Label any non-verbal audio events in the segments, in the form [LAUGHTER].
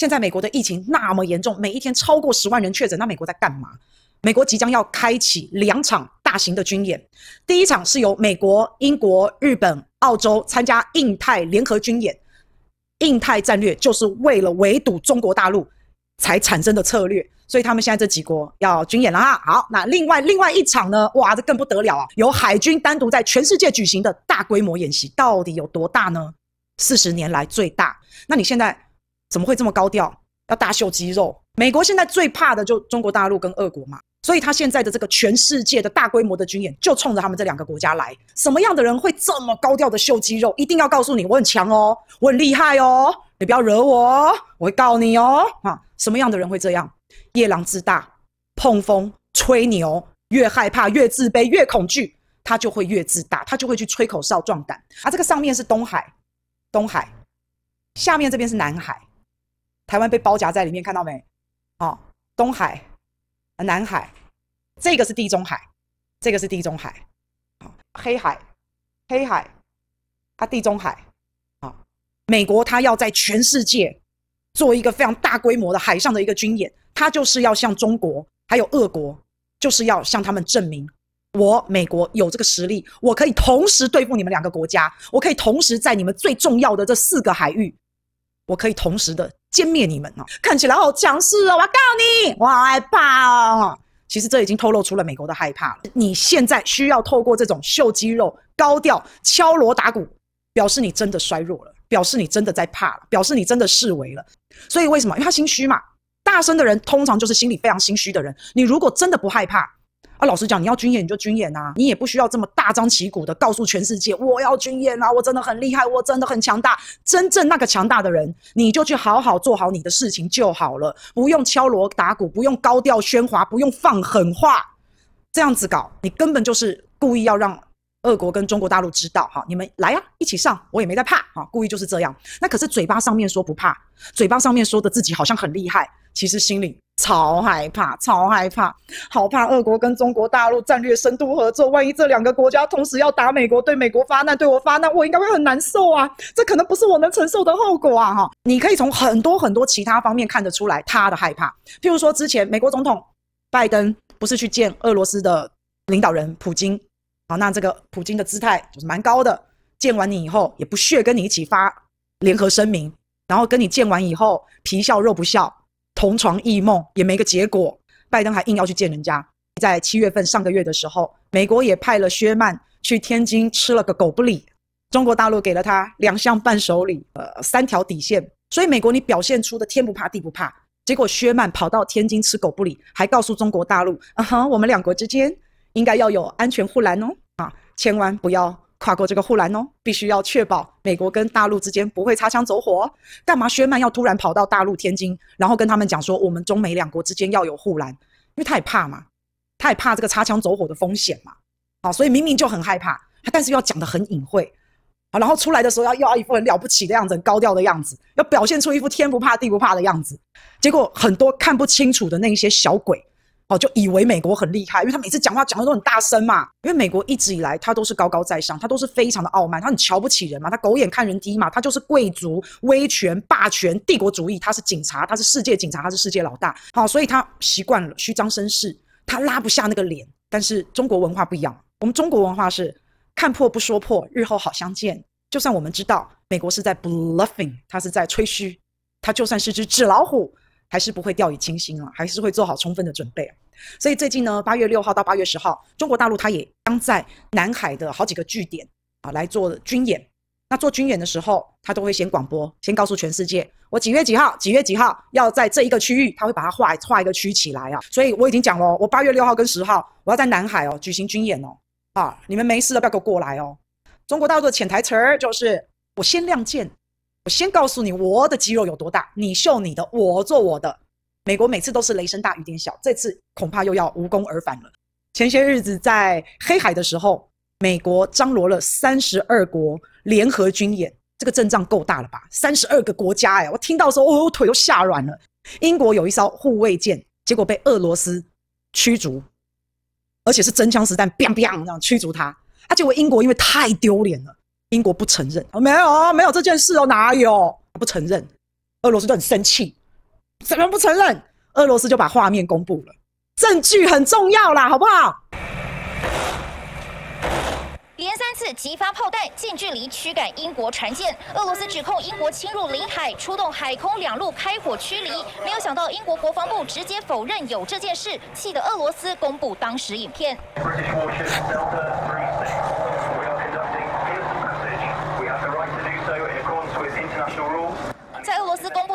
現在美國的疫情那麼嚴重，每一天超過十萬人確診，那美國在幹嘛？美國即將要開啟兩場大型的軍演，第一場是由美國、英國、日本、澳洲參加印太聯合軍演，印太戰略就是為了圍堵中國大陸才產生的策略，所以他們現在這幾國要軍演了哈、啊。好，那另外另外一場呢？哇，這更不得了啊！由海軍單獨在全世界舉行的大規模演習，到底有多大呢？四十年來最大。那你現在？怎麼會這麼高調，要大秀肌肉？美國現在最怕的就中國大陸跟俄國嘛，所以他現在的這個全世界的大規模的軍演，就衝着他們這兩個國家來。什麼樣的人會這麼高調的秀肌肉？一定要告訴你，我很強哦，我很厲害哦，你不要惹我哦，我會告你哦。啊，什麼樣的人會這樣？夜郎自大，膨風吹牛，越害怕越自卑，越恐懼他就會越自大，他就會去吹口哨壯膽。啊，這個上面是東海，東海，下面這邊是南海。台灣被包夾在裡面，看到沒？好、哦，東海、南海，這個是地中海，這個是地中海，好、哦，黑海、黑海，啊地中海，啊、哦，美國它要在全世界做一個非常大規模的海上的一個軍演，它就是要向中國還有俄國，就是要向他們證明，我美國有這個實力，我可以同時對付你們兩個國家，我可以同時在你們最重要的這四個海域，我可以同時的。殲滅你們哦！看起來好強勢哦！我要告你，我好害怕哦！其實這已經透露出了美國的害怕了。你現在需要透過這種秀肌肉、高調、敲鑼打鼓，表示你真的衰弱了，表示你真的在怕了，表示你真的示威了。所以為什麼？因為他心虛嘛。大聲的人通常就是心裡非常心虛的人。你如果真的不害怕。啊，老實講，你要軍演你就軍演吶、啊，你也不需要這麼大張旗鼓的告訴全世界，我要軍演啊，我真的很厲害，我真的很強大。真正那個強大的人，你就去好好做好你的事情就好了，不用敲鑼打鼓，不用高調喧嘩，不用放狠話，這樣子搞，你根本就是故意要讓。俄國跟中國大陸知道哈，你們來呀、啊，一起上，我也沒在怕哈，故意就是這樣。那可是嘴巴上面說不怕，嘴巴上面說的自己好像很厲害，其實心裡超害怕，超害怕，好怕俄國跟中國大陸戰略深度合作。萬一這兩個國家同時要打美國，對美國發難，對我發難，我應該會很難受啊。這可能不是我能承受的後果啊哈。你可以從很多很多其他方面看得出來他的害怕，譬如說之前美國總統拜登不是去見俄羅斯的領導人普京。好，那這個普京的姿態就是蠻高的。見完你以後，也不屑跟你一起發聯合聲明，然後跟你見完以後，皮笑肉不笑，同床異夢也沒個結果。拜登還硬要去見人家。在七月份上個月的時候，美國也派了薛曼去天津吃了個狗不理，中國大陸給了他兩項伴手禮，呃，三條底線。所以美國你表現出的天不怕地不怕，結果薛曼跑到天津吃狗不理，還告訴中國大陸，啊、嗯、哈，我們兩國之間。應該要有安全護欄哦，啊，千萬不要跨過這個護欄哦，必須要確保美國跟大陸之間不會擦槍走火哦。幹嘛？薛曼要突然跑到大陸天津，然後跟他們講說，我們中美兩國之間要有護欄，因為他也怕嘛，他也怕這個擦槍走火的風險嘛，啊，所以明明就很害怕，但是要講得很隱晦，啊，然後出來的時候要要要一副很了不起的樣子，很高調的樣子，要表現出一副天不怕地不怕的樣子，結果很多看不清楚的那一些小鬼。哦，就以為美國很厲害，因為他每次講話講的都很大聲嘛。因為美國一直以來，他都是高高在上，他都是非常的傲慢，他很瞧不起人嘛，他狗眼看人低嘛，他就是貴族、威權、霸權、帝國主義，他是警察，他是世界警察，他是世界老大。好，所以他習慣了虛張聲勢，他拉不下那個臉。但是中國文化不一樣，我們中國文化是看破不說破，日後好相見。就算我們知道美國是在 bluffing，他是在吹噓，他就算是隻紙老虎，還是不會掉以輕心啊，還是會做好充分的準備啊。所以最近呢，八月六號到八月十號，中國大陸它也將在南海的好幾個據點啊來做軍演。那做軍演的時候，他都會先廣播，先告訴全世界，我幾月幾號、幾月幾號要在這一個區域，他會把它劃劃一個區起來啊。所以我已經講了，我八月六號跟十號我要在南海哦舉行軍演哦，啊，你們沒事的不要給我過來哦。中國大陸的潛台詞兒就是，我先亮劍，我先告訴你我的肌肉有多大，你秀你的，我做我的。美國每次都是雷聲大雨點小，這次恐怕又要無功而返了。前些日子在黑海的時候，美國張羅了三十二國聯合軍演，這個陣仗夠大了吧？三十二個國家、欸，呀，我聽到的時候，哦，我腿都嚇軟了。英國有一艘護衛艦，結果被俄羅斯驅逐，而且是真槍實彈，砰砰這樣驅逐他、啊。結果英國因為太丟臉了，英國不承認，哦，沒有，沒有這件事哦，哪有？不承認，俄羅斯就很生氣。怎麼不承認？俄羅斯就把畫面公布了，證據很重要啦，好不好？連三次急發炮彈，近距離驅趕英國船艦。俄羅斯指控英國侵入領海，出動海空兩路開火驅離。沒有想到，英國國防部直接否認有這件事，氣得俄羅斯公布當時影片。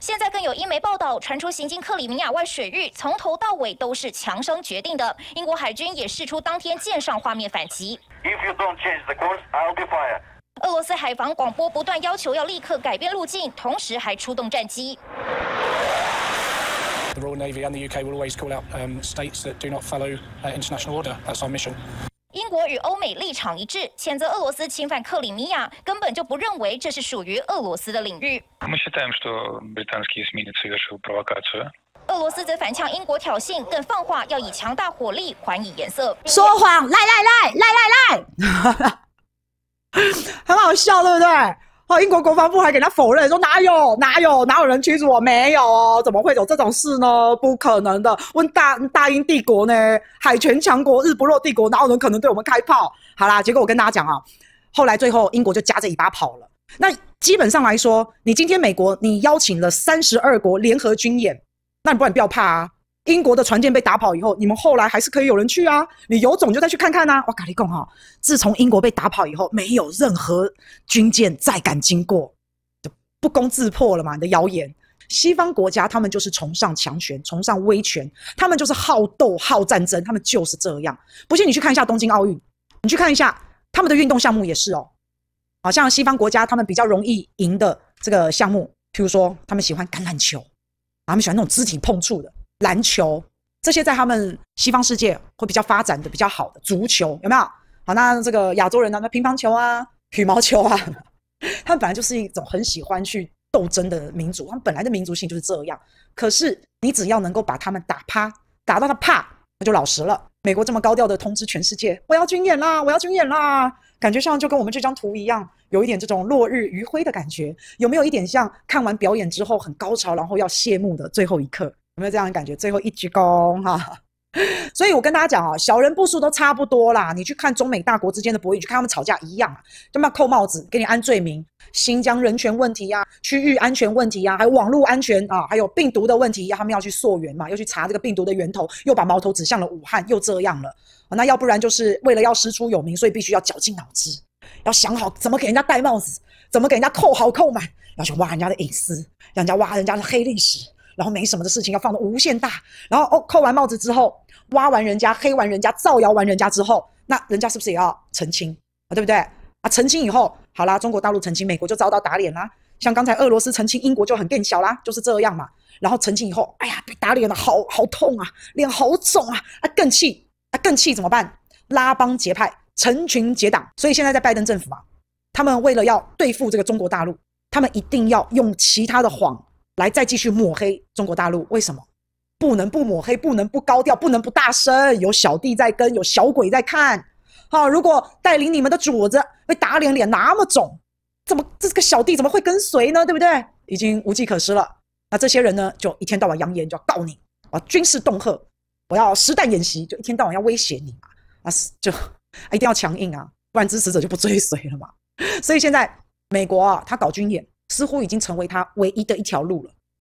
現在更有英媒報道傳出行經克里米亞外水域，從頭到尾都是強生決定的。英國海軍也釋出當天艦上畫面反擊。If you don't change the course, I'll be fired. 俄羅斯海防廣播不斷要求要立刻改變路徑，同時還出動戰機。英國與歐美立場一致，譴責俄羅斯侵犯克里米亞，根本就不認為這是屬於俄羅斯的領域。俄羅斯則反嗆英國挑釁，更放話要以強大火力還以顏色。說謊，來來來來來來，來來來 [LAUGHS] 很好笑，對不對？哦，英國國防部還給他否認，說哪有哪有哪有人驅逐我？沒有哦，怎麼會有這種事呢？不可能的。問大大英帝國呢？海權強國，日不落帝國，哪有人可能對我們開炮？好啦，結果我跟大家講啊，後來最後英國就夾着尾巴跑了。那基本上來說，你今天美國你邀請了三十二國聯合軍演，那你不然你不要怕啊。英國的船艦被打跑以後，你們後來還是可以有人去啊？你有種就再去看看吶、啊！哇咖哩貢哈、哦，自從英國被打跑以後，沒有任何軍艦再敢經過，就不攻自破了嘛？你的謠言，西方國家他們就是崇尚強權，崇尚威權，他們就是好鬥、好戰爭，他們就是這樣。不信你去看一下東京奧運，你去看一下他們的運動項目也是哦，好像西方國家他們比較容易贏的這個項目，譬如說他們喜歡橄欖球，他們喜歡那種肢體碰觸的。籃球這些在他們西方世界會比較發展的比較好的，足球有沒有？好，那這個亞洲人呢？那乒乓球啊、羽毛球啊，他們本來就是一種很喜歡去鬥爭的民族，他們本來的民族性就是這樣。可是你只要能夠把他們打趴，打到他怕，那就老實了。美國這麼高調的通知全世界：“我要軍演啦，我要軍演啦！”感覺上就跟我們這張圖一樣，有一點這種落日餘暉的感覺，有沒有一點像看完表演之後很高潮，然後要謝幕的最後一刻？有沒有這樣的感覺？最後一鞠躬哈！所以我跟大家講啊，小人步數都差不多啦。你去看中美大國之間的博弈，你去看他們吵架一樣，啊，他們要扣帽子，給你安罪名，新疆人權問題呀，啊，區域安全問題呀，啊，還有網絡安全啊，還有病毒的問題，他們要去溯源嘛，要去查這個病毒的源頭，又把矛頭指向了武漢，又這樣了，啊。那要不然就是為了要師出有名，所以必須要絞盡腦汁，要想好怎麼給人家戴帽子，怎麼給人家扣好扣滿，要去挖人家的隱私，要人家挖人家的黑歷史。然後沒什麼的事情要放得無限大，然後哦，扣完帽子之後，挖完人家、黑完人家、造謠完人家之後，那人家是不是也要澄清，對不對？啊，澄清以後，好啦，中國大陸澄清，美國就遭到打臉啦。像剛才俄羅斯澄清，英國就很更小啦，就是這樣嘛。然後澄清以後，哎呀，打臉了，好好痛啊，臉好腫啊，啊更氣，啊更氣怎麼辦？拉幫結派，成群結黨。所以現在在拜登政府啊，他們為了要對付這個中國大陸，他們一定要用其他的謊。來，再繼續抹黑中國大陸，為什麼不能不抹黑，不能不高調，不能不大聲？有小弟在跟，有小鬼在看。好、哦，如果帶領你們的主子被打臉，臉，臉那麼腫，怎麼這是個小弟怎麼會跟隨呢？對不對？已經無計可施了。那這些人呢，就一天到晚揚言就要告你啊，軍事恫嚇，我要實彈演習，就一天到晚要威脅你嘛啊，那就啊一定要強硬啊，不然支持者就不追隨了嘛。所以現在美國啊，他搞軍演。似乎已經成為他唯一的一條路了。